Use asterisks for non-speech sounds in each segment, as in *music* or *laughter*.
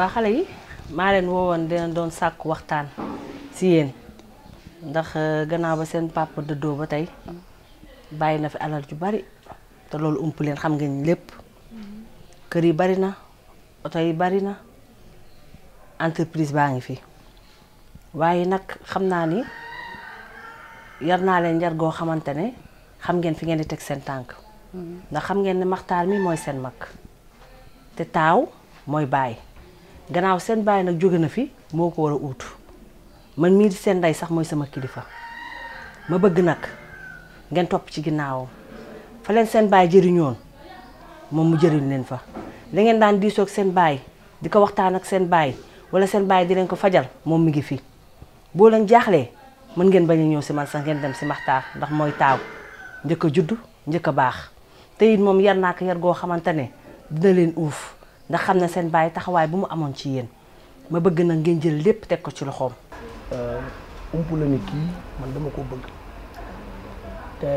waa xale yi maa leen woowoon dina doon sàkk waxtaan si yéen ndax euh, gannaaw ba seen papa dëddoo ba tey bàyyi na fi alal ju bari te loolu ump leen xam ngeen lépp kër yi bari na oto yi bari na entreprise baa ngi fi waaye nag xam naa ni yar naa leen njar goo xamante ne xam ngeen fi ngeen di teg seen tànk mm-hmm. ndax xam ngeen ne maxtaar mi mooy seen mag te taaw mooy bàyyi ganaw sen baye nak jóge na fi moko wara war man mi sen day sax moy sama kilifa ma bëgg nak ngeen top ci ginaaw fa leen seen bàyyi mom mu len fa li ngeen daan diisoog seen sen di diko waxtaan ak sen baye wala sen baye di len ko fajal mom mi ngi fi bo leen jaxlé man ngeen bañ ñew ci man sax ngeen dem ci maxtaar ndax moy taw ñeuka a judd njëkk te yar yar go xamantane dina len ouf ndax xam na seen bàyyi taxawaay bu mu amoon ci yéen ma bëgg nag ngeen jël lépp teg ko ci loxoom. Euh, ump la ni kii man dama koo bëgg te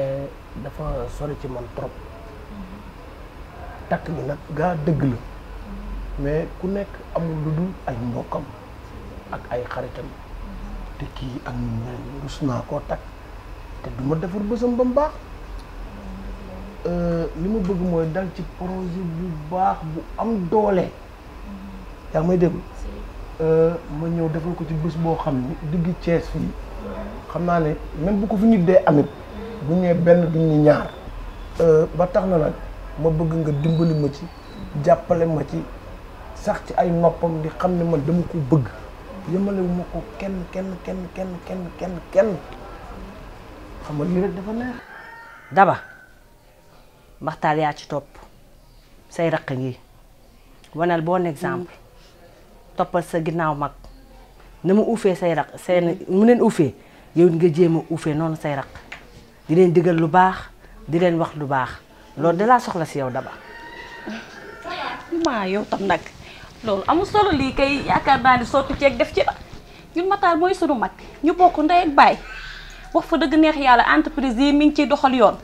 dafa sori ci man trop takk bi nag gaa dëgg la mais ku nekk amul lu dul ay mbokkam ak ay xaritam te kii ak ñu naa koo takk te duma defar bésam ba baax. Euh, li ma bëgg mooy dal ci projet bu baax bu am doole. Mm-hmm. yaa ngi may déglu. Euh, ma ñëw defal ko ci bés boo xam ni digg cees fii mm-hmm. xam naa ne même bu ko fi nit dee amit mm-hmm. bu ñëwee benn duñ ñu ñaar. Euh, ba tax na nag ma bëgg nga dimbali ma ci jàppale ma ci sax ci ay noppam di xam ne man dama ko bëgg yemale ko kenn kenn kenn kenn kenn kenn kenn xam nga lii rek dafa neex. daba. baxtaal yaa ci topp say raq ngi wanal bon exemple hmm. toppal sa ginnaaw mag na mu uufee say raq seen mu leen uufee yow nga jéem a uufee noonu say raq di leen digal lu baax di leen wax lu baax loolu dalaa soxla si yow daba maa yow tam nag loolu amul solo lii kay yaakaar naa ni sotti ceeg def ci la ñun mooy sunu mag ñu bokk ndey ak baay wax fa dëgg neex yàlla entreprise yi mi ngi ciy doxal yoon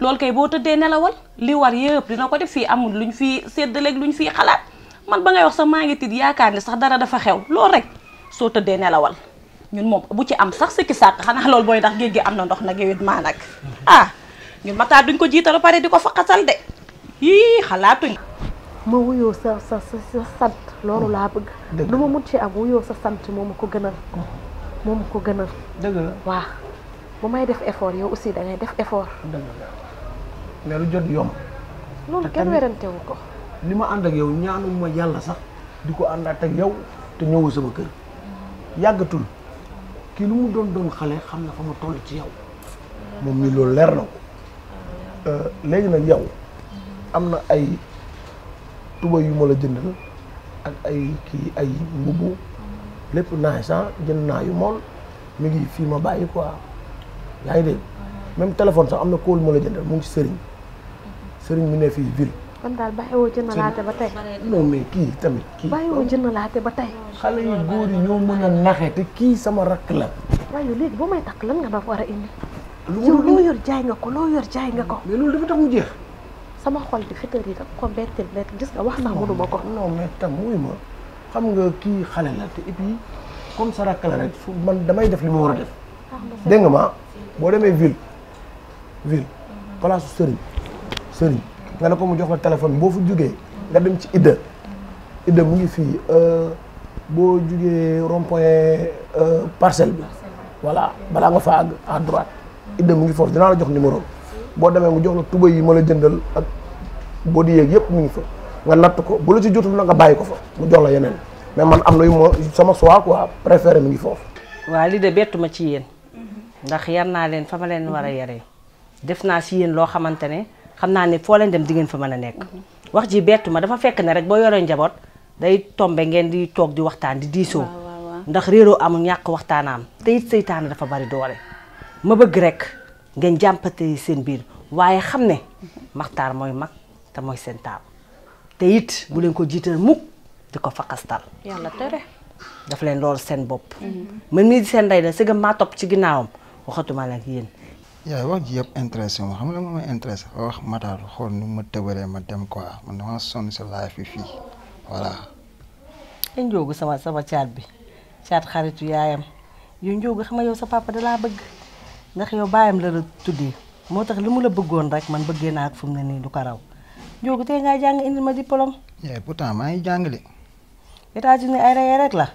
loolu kay boo tëddee nelawal li war yëpp dina ko def fii amul luñ fii lu ñu fii xalaat man ba ngay wax sax maa ngi tiit yaakaar ne sax dara dafa xew loolu rek soo tëddee nelawal ñun moom bu ci am sax sikki sàkk xanaa loolu booy ndax géej gi am na ndox nag yow maa nag ah ñun mataar duñ ko jiital pare di ko faqasal de yii xalaatuñ. ma wuyoo sa sa sa sant loolu laa bëgg. dëgg lu ma mën ci am wuyoo sa sant moom ko gënal. moom ko gënal. dëgg la waaw bu may def effort yow aussi da def effort. dëgg mais lu jot yomb. loolu kenn werante ko. li ma ànd ak yow ñaanuma yàlla sax di ko àndaat ak yow te ñëwul sama kër yàggatul kii lu mu doon doon xale xam na fa ma toll ci yow moom mi loolu leer na ko euh, léegi yow am na ay tuba yu ma la jëndal ak ay kii ay mbubu lépp naay sax jënd naa yu mool mi ngi fii ma bàyyi quoi yaa ngi dégg même téléphone sax am na kóol ma la jëndal mu ngi ci sëriñ Sering bi ne ville. kon daal bàyyiwoo jën na laate ba tey. non mais kii tamit kii. bàyyiwoo jën na laate ba tey. xale yu yi ñoo mën sama rakk la. waaye léegi boo may takk lan nga ma war indi. yow loo yor jaay nga ko loo yor jaay nga ko. mais loolu dafa tax mu jeex. sama xol bi xëtër yi daf ko bettil rek gis nga wax naa mënuma ko. non mais tam wuy ma xam nga kii xale la te et puis comme sa rakk la rek fu man damay def li ma war def. dégg ma boo demee ville ville mhm. place sëriñ nga ne ko mu jox la téléphone boo fa jugee nga dem ci Idda Idda mu ngi fii euh, boo jugee rond-point euh, parcelle bi voilà balaa nga fa àgg à droite Idda mu ngi foofu dinaa la jox numéro boo demee mu jox la tuba yi ma la jëndal ak boo di yéeg yëpp mu ngi fa nga natt ko bu la ci jotul na nga bàyyi ko fa mu jox la yeneen mais man am na yu ma sama choix quoi préféré mu ngi foofu. waaw li de bettu ma ci yéen. ndax yar naa leen fa ma leen war a yaree. def naa xam naa ne foo leen dem di ngeen fa mën a nekk mhm. wax ji bettu dafa fekk ne rek boo yoree njaboot day tombe ngeen di toog di waxtaan di diisoo ndax réeroo amul ñàkk waxtaanaam te it dafa bari doole ma bëgg rek ngeen jàmpate seen biir waaye xam ne mhm. maxtaar mooy mag te mooy seen taaw te it bu leen ko jiital mukk di ko fakastal yàlla tere daf leen lool seen bopp mhm. man mii seen ndey la sëgam maa topp ci ginnaawam waxatuma nag yéen yaay wax ji yëpp intéressé ma xam nga moom mooy intéressé fa wax ma daal xool nu ma tëbalee ma dem quoi man dama sonn sa life bi fii voilà. te Ndiogu sama sama caat bi caat xaritu yaayam yow Ndiogu xam nga yow sa papa da laa bëgg ndax yow baayam la la tuddee moo tax li mu la bëggoon rek man bëggee naa ak fu mu ne nii du ko raw Ndiogu tey ngaa jàng indi ma diplôme. yaay pourtant maa ngi jàngale. États-Unis ay rey rek la.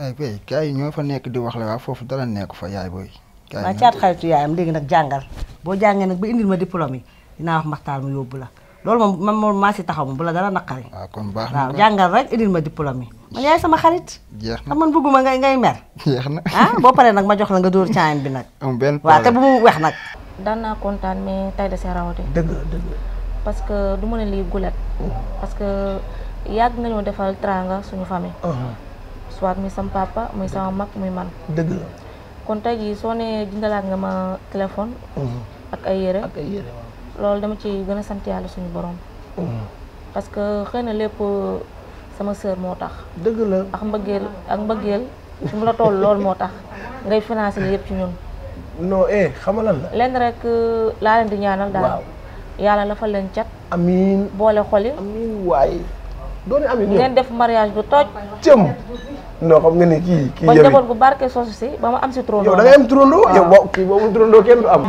ay kay yi ñoo fa nekk di wax la waa foofu dara nekk fa yaay ma caat xaritu yaayam léegi nag jàngal boo jàngee nag ba indil ma diplôme yi dinaa wax maxtaar mu yóbbu la loolu moom man moom maa si taxaw ma bu la dara naqari waaw ah, kon baax na waaw jàngal rek indil ma diplôme yi man yaay sama xarit jeex na man bëgguma ngay ngay mer jeex na *laughs* ah boo paree nag ma jox la nga door caayin bi nag am benn waaw te bu mu wex nag daan naa kontaan mais tey da see rawati dëgg dëgg parce que du ma ne lii gulet parce que yàgg nañu defal tranga suñu famille uh-huh. soit muy sama papa muy sama mag muy man dëgg la kon tey jii soo nee jëndalaat nga ma téléphone. Mhm. ak ay yére ak dama ci gën a sant yàlla suñu borom. Mhm. parce que xëy na lépp euh, sama sœur moo tax. dëgg la ak mbëggeel ak mu la toll lool moo tax ngay financé li yëpp ci ñun. non eh xamalal la. lenn rek euh, laa leen di ñaanal daal. yàlla la fa leen cat. amiin boole xoli. amiin waay. def mariage bu toj. cëm. non xam nga ya, ni kii kii yow njaboot bu barke soosu si ba ma am si turandoo yow ya da ngay am turandoo ah. yow ya, boo kii boobu turandoo kenn du am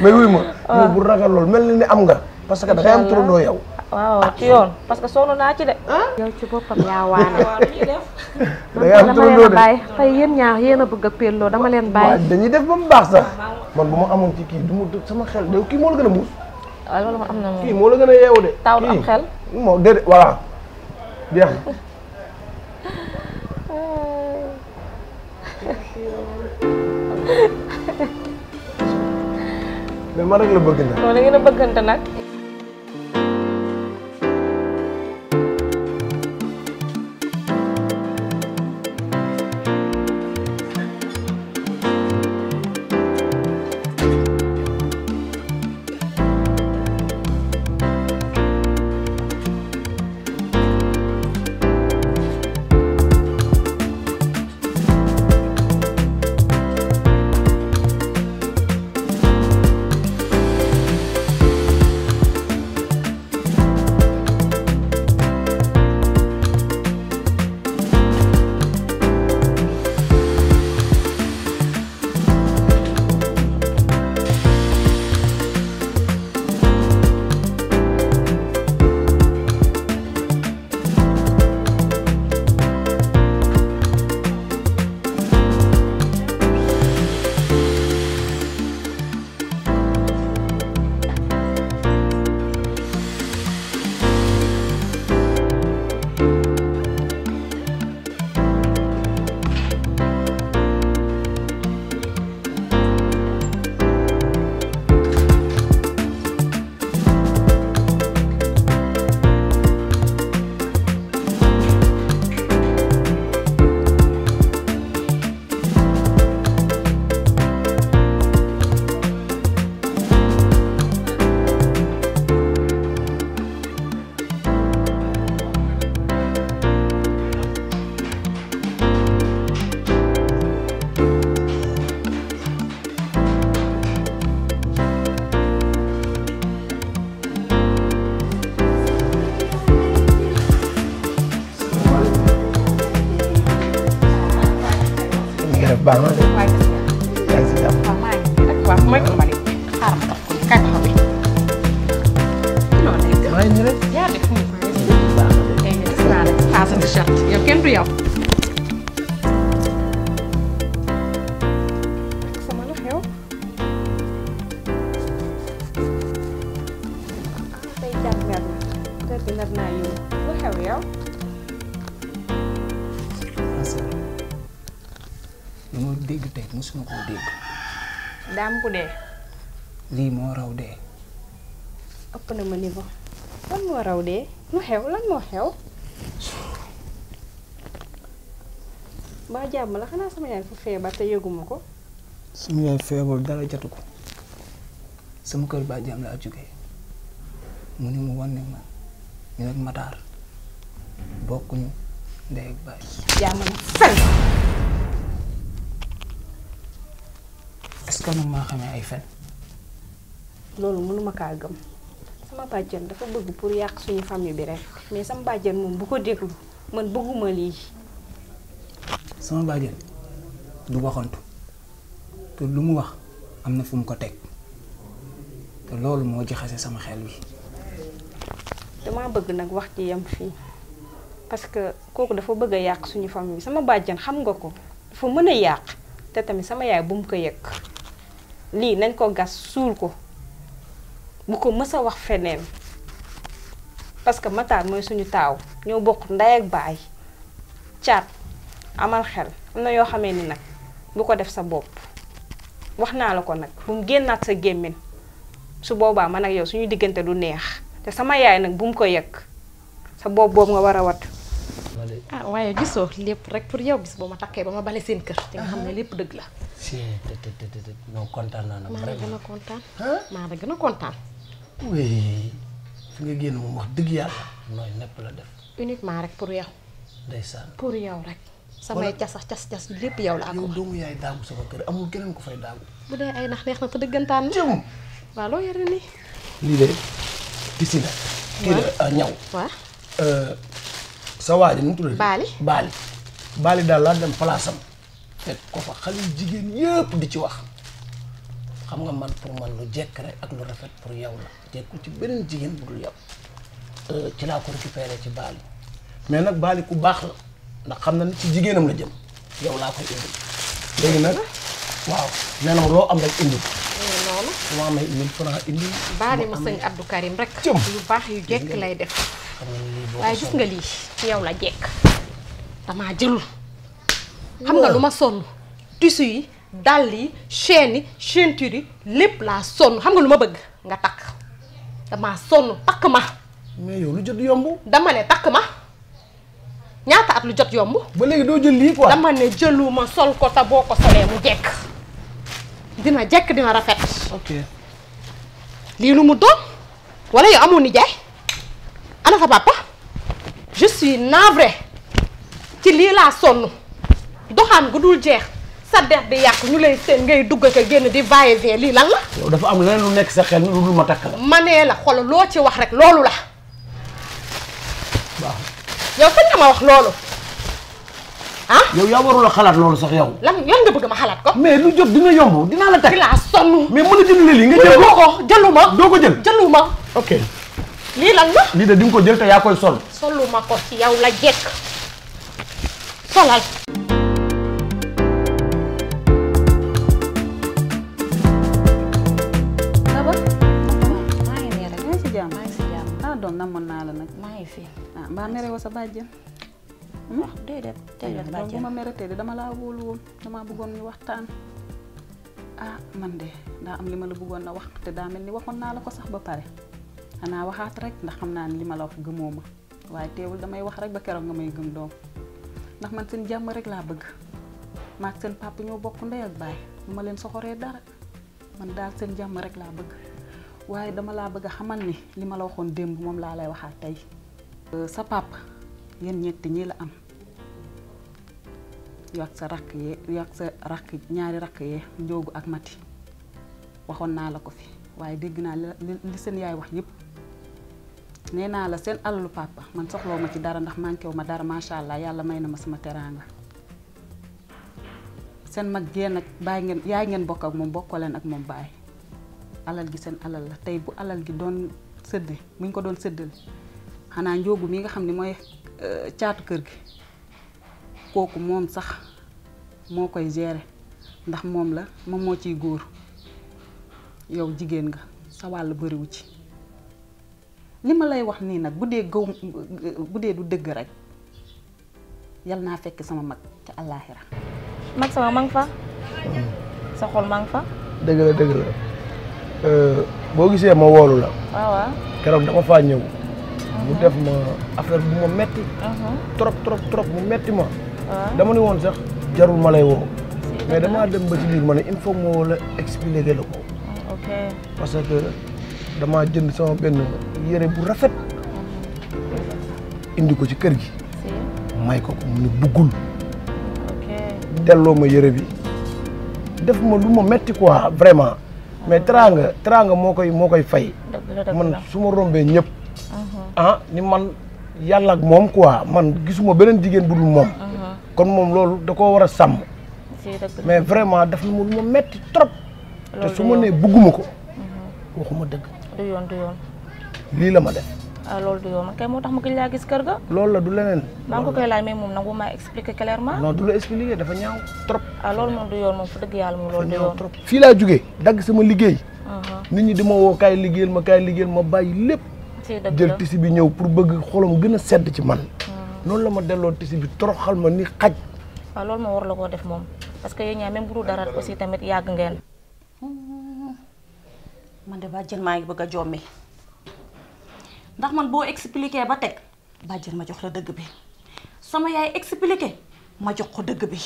mais wuy ma yow bu ragal lool mel ini ni am nga parce que da ngay am turandoo yow waaw ci yoon parce que sonn naa ci de yow ci boppam ya waane da ngay am turandoo de bàyyi xëy yéen ñaar yéen bëgg a dama leen bàyyi dañuy def ba mu sax man bu ma ci du sama xel de ki moo la gën a muus waaw loolu ma am na moom kii moo la kan, gën a de taw am xel voilà *laughs* mais man rek la bëgg nag. non da ngeen a bëggante nag. jàmm la xanaa sama yaay fa feebar te yëguma ko. sama yaay feebar dara jatu ko sama kër ba jàmm laa jógee mu ni mu wan ne ma ñu ak Matar bokkuñu ndey ak baay. yaa ma fen est ay fen. loolu mënuma kaa gëm sama bàjjen dafa bëgg pour yàq suñu famille bi rek mais sama bàjjan moom bu ko déglu man bëgguma lii. sama bàjjen du waxantu te lu mu wax am na fu mu ko teg te loolu moo jaxase sama xel bi dama bëgg nag wax ci yam fii parce que kooku dafa bëgg a yàq suñu famille sama bàjjan xam nga ko dafa mën a yàq te tamit sama yaay bu mu ko yëg lii nañ ko gas suul ko bu ko mës a wax feneen parce que Matar mooy suñu taaw ñoo bokk ndey ak baay caat amal xel am na yoo xamee ni nag bu ko def sa bopp wax naa la ko nag bu mu génnaat sa gémmiñ su boobaa man ak yow suñu diggante du neex te sama yaay nag bu mu ko yëg sa bopp boobu nga war a wat ah waaye gisoo lépp rek pour yow bis boo ma takkee ba ma bale seen kër te nga xam ne lépp dëgg la si te te te te a kontaan maa la gën a kontaan oui nga génn moom wax dëgg yàlla nooy nepp la def uniquement rek pour yow ndeysaan pour yow rek sama ya cas cas cas yow la ak yow doomu yaay ya, daagu sama kër eh, amul keneen ko fay daagu bu dee ay nax neex na te dëggantaan jëm waaw loo yore nii lii de tisi la kii la ñaw waaw sa waaji nu mu tudd baali baali baali daal dem place am ko fa di ci wax xam nga man pour man lu jekk rek ak lu rafet pour yow la jekku ci ci ko ku kan, eh, baax ndax xamna ci jigéenam la jëm yow la koy indi léegi nak waaw nena lo am rek indi nonu wa may amee mille indi baari ma sëñ Abdou Karim rek yu bax yu jek lay def way gis nga lii yow la jek dama jël xam nga lu son tissu yi dal yi chaîne yi ceinture yi lépp laa xam nga luma bëgg nga tak dama son tak ma mais yow lu jëd yomb dama ne tak ma ñaata at lu jot yomb. ba léegi doo jël lii quoi. dama ne jëluma sol ko te boo ko solee mu jekk dina jekk dina rafet. ok lii lu mu doon wala yow amoon nijaay ana sa papa je suis ci lii laa sonn doxaan gu dul jeex sa der di yàq ñu lay seen ngay dugg ak génn di vaillé lii lan la. yow dafa am leneen lu nekk sa xel lu dul ma takk la. ma nee la xool loo ci wax rek loolu la. yow fañ nga ma wax lolu ah yow ya waru la xalat lolu sax yow lan yow nga bëgg ma xalat ko mais lu jox dina yomb dina la teg dinaa sonn mais mëna jël li nga jël ko jëluma doo ko jël jëluma ok li lan la li de di ko jël te ya koy sol soluma ko ci yow la jek solal aba maa ngi nii rek nga don na namoon naa la nag. maa fi ah ba mere woo sa bàjjen. Hmm? ah déedéet déedéet iya, bàjjen bu ma mere te dama la wul woon dama bëggon ñu waxtaan. ah man de da am lima la bëggon na wax te da melni waxon na la ko sax ba pare ana waxat rek ndax xamna naa ne la wax gëmoma waye waaye teewul damay wax rek ba kéro nga may gëm doom ndax man seen jamm rek la bëgg maak seen papa ñoo bokk ndey ak bay ma leen soxoree dara man dal seen jamm rek la bëgg waaye dama laa bëgg a xamal ni li ma la waxoon démb moom laa lay waxaat tey euh, sa papa yéen ñett ñi la am yaa ak sa rakk yee yaa ak sa rakk ñaari rakk yee njoogu ak mati waxoon naa la ko fi waaye dégg naa li seen yaay wax yëpp nee la seen alalu papa man soxloo ma ci dara ndax manqué wu ma dara macha allah yàlla may na ma sama teranga seen mag gee ak bàyyi ngeen yaay ngeen bokk ak moom ak moom bàyyi alal gi seen alal la tey bu alal gi doon sëdde buñ ko doon sëddal xanaa njóogu mi nga xam ne mooy euh, caatu kër gi kooku moom sax moo koy gérer ndax moom la moom moo ciy góor yow jigéen nga sa wàll bëriwu ci li ma lay wax nii nag bu dee gëw bu dee du dëgg rek yal naa fekk sama mag ca àllaaxira mag sama ma nga fa mm. sa xol ma fa dëgg la dëgg la Eh, boo gisee ma woolu la. Ah, waaw keroog mau faa ñëw. mu uh-huh. def ma affaire bu ma metti. Uh-huh. trop trop trop mu metti ma. Uh-huh. dama ni woon sax jarul ma lay woo. mais damaa dem ba ci biir ma ne il faut moo la expliquer la ah, ok parce que jënd sama benn yére bu rafet. indi ko ci kër gi. may ko ko mu ne buggul. delloo ma bi def ma lu ma metti quoi vraiment. mais teraanga teraanga moo koy moo koy fay. man su ma rombee ñëpp. Uh-huh. ah ni man yàlla ak moom quoi man gisuma beneen jigéen bu dul moom. Uh-huh. kon moom loolu da koo war a sàmm. mais vraiment daf na ma lu ma metti trop. te su ma nee bugguma ko. Uh-huh. waxuma dëgg. lii la ma def. Lol do yoon man kay moo tax ma gëj laa gis kër ga. loolu la du leneen. ma ngi ko koy laaj mais moom nangu ma expliquer clairement. non du la expliquer dafa ñaaw trop. ah loolu moom du yoon moom fu dëgg yàlla moom loolu du yoon. fii laa jugee dagg sama liggéey. nit ñi di ma woo kaay liggéeyal ma kaay liggéeyal ma bàyyi lépp. jël tisi bi ñëw pour bëgg xolam gën a sedd ci man. noonu la ma delloo tisi bi toroxal ma ni xaj. waaw loolu moom war la koo def moom parce que yéen même bu dul aussi tamit yàgg ngeen. man de bàjjen maa ngi bëgg jommi ndax man boo expliqué ba teg bàjjen ma jox la dëgg bi sama yaay expliqué ma jox ko dëgg bi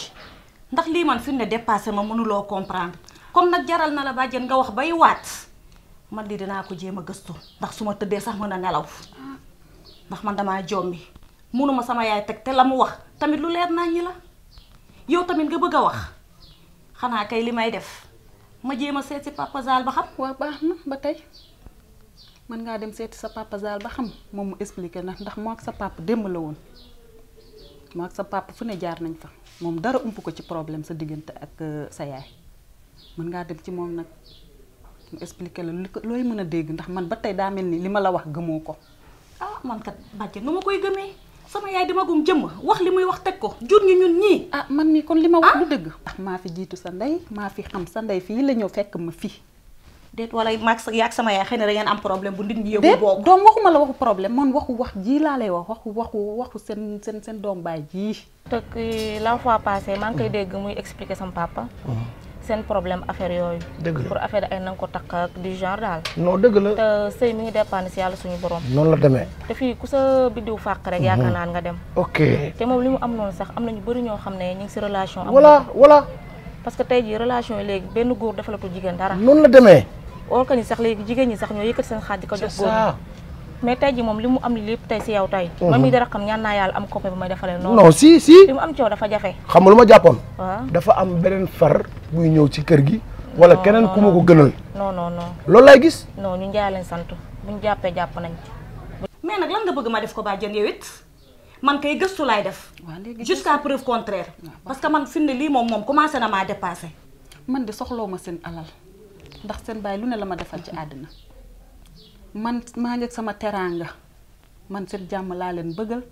ndax lii man fi mu ne dépassé ma mënuloo comprendre comme nag jaral na la bàjjan nga wax bay waat man lii dinaa ko jéem a gëstu ndax su ma tëddee sax mën a nelaw ndax man damaa jommi mënuma sama yaay teg te la mu wax tamit lu leer nañ ñi la yow tamit nga bëgg a wax xanaa kay li may def ma jéem a seet si papa ba xam. waaw baax na ba tey. mën ngaa dem seeti sa papa Zal ba xam moom mu expliqué ndax ndax moo ak sa papa démb la woon moo ak sa papa fu ne jaar nañ fa moom dara ump ko ci problème sa diggante ak euh, sa yaay mën ngaa dem ci moom nag mu expliqué la li looy mën a dégg ndax man ba tey daa mel ni li ma la wax gëmoo ko. ah man kat bàjjen nu ma koy gëmee sama yaay dama gum jëmm wax li muy wax teg ko jur ngi ñun ñii. ah man mii kon li ma wax ah! du dëgg. ndax maa fi jiitu sa ndey maa fi xam sa ndey fii la ñëw fekk ma fii. déet wala maag yaag sama yaay xëy na da ngeen am problème bu nit ñi yëgu boobu doom waxuma la waxu problème man waxu wax ji laa lay wax waxu waxu waxu seen seen seen doom baay jii tëkk la fois passée maa ngi koy dégg muy expliquer sam papa mm-hmm. seen problème affaire yooyu dëgg la affaire ay nanga ko takk ak du genre dëgg la te sëy mi ngi dépendre si yàlla suñu borom noonu la deme te fii ku sa biddiw fàq rek mm-hmm. yaakaar naan nga dem ok te moom li mu am noonu sax am na ñu bëri ñoo xam ne ñu ngi si relation am voilà voilà parce que tey jii relation yi léegi benn góor defalatu jigéen dara noonu la demee or que sax léegi jigéen ñi sax ñoo yëkkati seen xaaj di ko jox góor tey ji moom li mu am li lépp tey si yow tey mhm. man mi dara xam ñaan naa am copain bu may defalee noonu non si si li mu am coow dafa jafe xam dafa am beneen far buy ñëw ci kër gi wala keneen ku ma ko gënal non non non loolu lay gis non ñu njaay lañ sant buñu jàppee jàpp nañ mais nag lan nga bëgg ma def ko baa jën yow man kay gëstu laay def jusqu'à preuve contraire parce que man fi lii moom moom commencé na maa dépassé man de soxloo ma seen alal ndax sen bay lu ne la ma defal ci man ma ngi sama teranga man seen jamm la len bëggal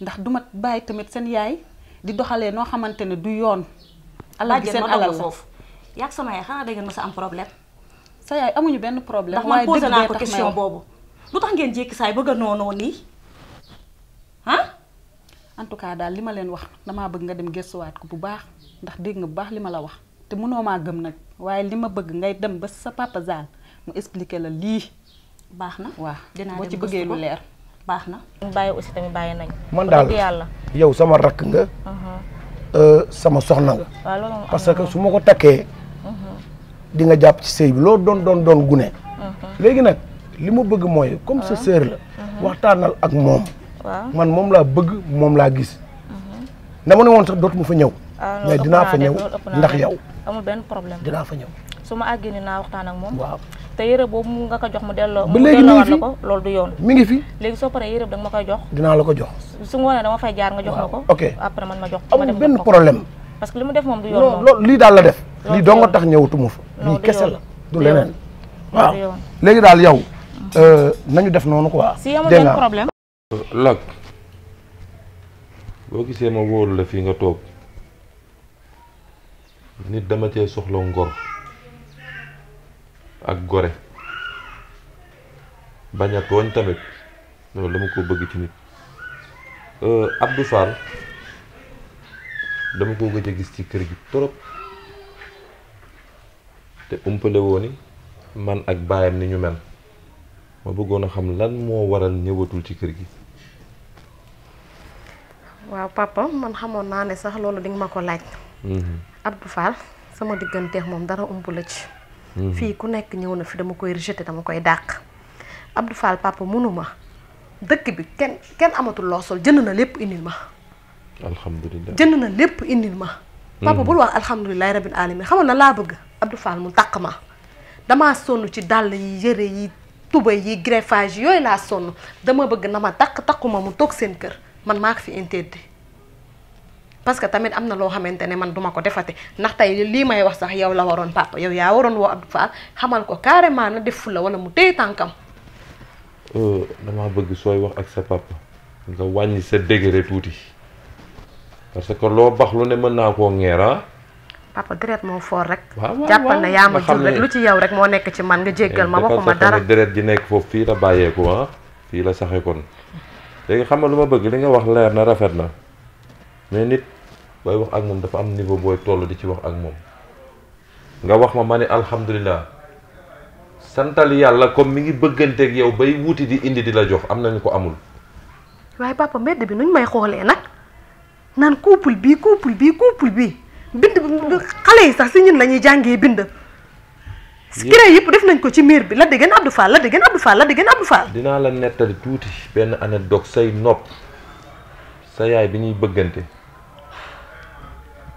ndax duma bay tamit seen yaay di doxale no xamantene du yoon ala gi seen alal fof yak sama yaay xana da ma am problème sa yaay amuñu benn problème ndax man posé na ko question bobu lu ngeen jek say bëgg nono ni, han en tout cas dal lima len wax dama bëgg nga dem gëstuwaat ko bu baax ndax deg nga baax lima la wax te mënoo maa gëm nag waaye li ma bëgg ngay dem ba sa papa Zal mu expliquer la lii. baax na waaw dinaa ci bëggee lu leer baax na. bàyyi aussi tamit bàyyi nañ. man daal yow sama rakk nga. Uh-huh. Euh, sama soxna nga. parce que su ma ko takkee. Uh-huh. di nga jàpp ci sëy bi loo doon doon doon gune. Uh-huh. léegi nag li ma bëgg mooy comme sa sœur la. waxtaanal ak moom. man moom laa bëgg moom laa gis. dama ne woon sax dootuma fa ñëw. Ah, mais dinaa fa ñëw ndax yow. amul benn problème dinaa fa ñëw. su ma àggee ni naa waxtaan ak moom. waaw te yére boobu mu nga ko jox mu delloo. ba léegi mi loolu du yoon. mi ngi fi léegi soo paree yére da nga koy jox. dinaa la ko jox. su ngoonee dama fay jaar nga jox ma ko. ok après man ma jox ma dem amul benn problème. parce que li mu def moom du yoon moom loolu lii daal la def. lii doo nga tax ñëwatuma fa. lii kese la du leneen. waaw léegi daal yow. Mm. Euh, nañu def noonu quoi. si amul benn problème. Euh, Lag boo gisee ma wóoru la nga toog nit dama cee soxla ngor ak gore bañ a tooñ tamit loolu dama koo bëgg ci nit euh, Abdou Fall dama koo gëj a gis ci kër gi trop te umpale woo ni man ak baayam ni ñu mel ma bëggoon a xam lan moo waral ñëwatul ci kër gi waaw papa man xamoon naa ne sax loolu nga ma ko laaj mhm. Abdou Fall sama digganteex moom dara ump la ci. Hmm. fii ku nekk ñëw na fi dama koy rejeté dama koy dàq. Abdou Fall papa mënuma dëkk bi kenn kenn amatul loo sol jënd na lépp indi ma. alhamdulilah jënd na lépp indil ma. Hmm. papa bul wax alhamdulilah rabil alamin xamal na laa bëgg Abdou Fall mu taq ma dama sonn ci dàll yi yëre yi tubay yi greffage yooyu laa sonn dama bëgg na ma taq taquma mu toog seen kër man maa ko fi interdit. parce que tamit amna lo xamantene man duma ko defate ndax tay li may wax sax yow la waron papa yow ya waron wo Abdou Fall xamal ko carrément na deful la wala mu tankam euh dama bëgg soy wax ak sa papa nga wañi sa degré touti parce que lo bax lu ne meuna ko koo ah. papa dret mo for rek. jappal na yaa ma rek lu ci yow rek mo nek ci man nga jéggal ma eh, waxuma dara dret di nek foofu fi la ko ha fi la saxé kon légui xamal luma bëgg li nga wax lér na rafet na mais nit. booy wax ak moom dafa am niveau booy tollu di ci wax ak moom nga wax ma ma ne alhamdulilah santal yàlla comme mi ngi bëgganteeg yow bay wuti di indi di la jox am nañu ko amul. waaye papa mbedd bi nuñ may xoolee nag naan couple bii couple bii couple bii bind xale yi sax si ñun la ñuy jàngee bind. screen yëpp def nañ ko ci miir bi la dégg Abdou Fall la dégg Abdou Fall la dégg Abdou Fall. dinaa la nettali tuuti benn anecdote say nopp sa yaay bi ñuy bëggante.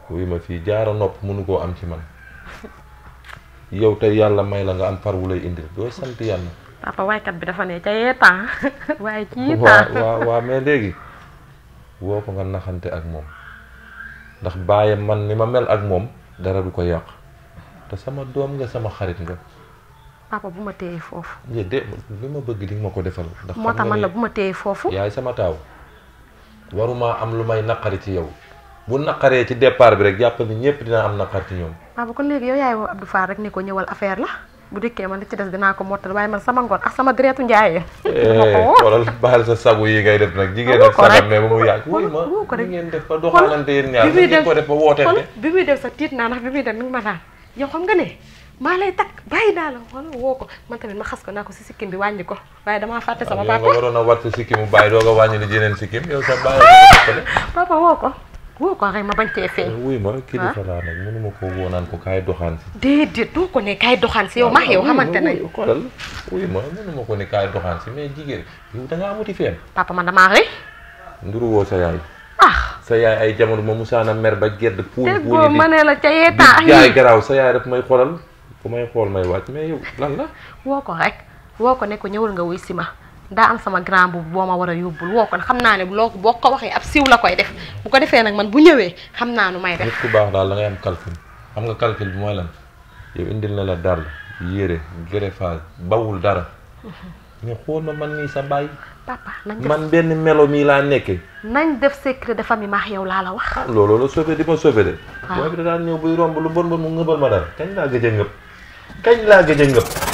kuy ma fi jaara nopp munu ko am ci man yow tay yalla may la nga am far wulay indi do sant yalla papa kat bi dafa ne ca yeta *laughs* way ci ta wa wa waaw mais léegi woo ko nga naxante ak mom ndax baye man ni ma mel ak mom dara du ko yàq te sama dom nga sama xarit nga. papa bu teye fofu foofu. de li ma bëgg di mako defal. ndax moo tax man la buma teye fofu yaay sama taw waruma am lu may naqari ci yow. bu naqaree ci départ bi rek jàpp ni ñëpp am naqar ci ñoom. ah bu kon léegi yow yaay woo Abdou Fall rek ne ko ñëwal affaire la bu dikkee man li ci des dinaa ko mottal waaye man sama ngoon ak sama deretu njaayee. Eh, *laughs* xoolal baal sa sagu yi ngay def nag. jigéen ak sagam mais bu mu yàgg. wuy ma ni ngeen def ba doxalante yéen ñaar ngeen ko def ba bi muy def sa tiit naa ndax bi muy dem mi ngi ma naan yow xam nga ne. maa lay takk bàyyi naa la wala woo ko man tamit ma xas ko naa ko si sikkim a mu bàyyi doo ko wàññi li jeneen sikkim yow sa bàyyi *laughs* papa ko woo ko xay ma bañ cee feeñ wuy ma kilifa laa nag mënuma ko woo naan ko kaay doxaan si déedéet doo ko ne kaay doxaan si yow max yow xamante nañ xoolal wuy ma mënuma ko ne kaay doxaan si mais jigéen yow da nga amuti papa man damaa rëy nduru woo sa yaay ah sa yaay ay jamono ma musaana mer ba gedd puuñ puuñ ma ne ca yeetaa yaay garaaw sa yaay daf may xoolal ku may xool may mais yow lan la woo ko rek woo ko ne ko ñëwul nga wuy daa am sama grand boobu boo ma war a yóbbul woo kon xam naa ne loo boo ko waxee ab siw la koy def bu ko defee nag man bu ñëwee xam naa nu may def. nit ku baax daal da ngay am calcul xam nga calcul bi mooy lan na la dara yére greffage bawul dara. Mhm. mais xool man nii sa bàyyi. papa nañ man benn melo mii laa nekkee. nañ def secret de famille maax yow laa la wax. ah looloo la sauvé di ma sauvé de. waaw ah. bi da ñëw buy romb lu bon bon mu ngëbal ma dara kañ laa gëj a ngëb kañ laa gëj a ngëb.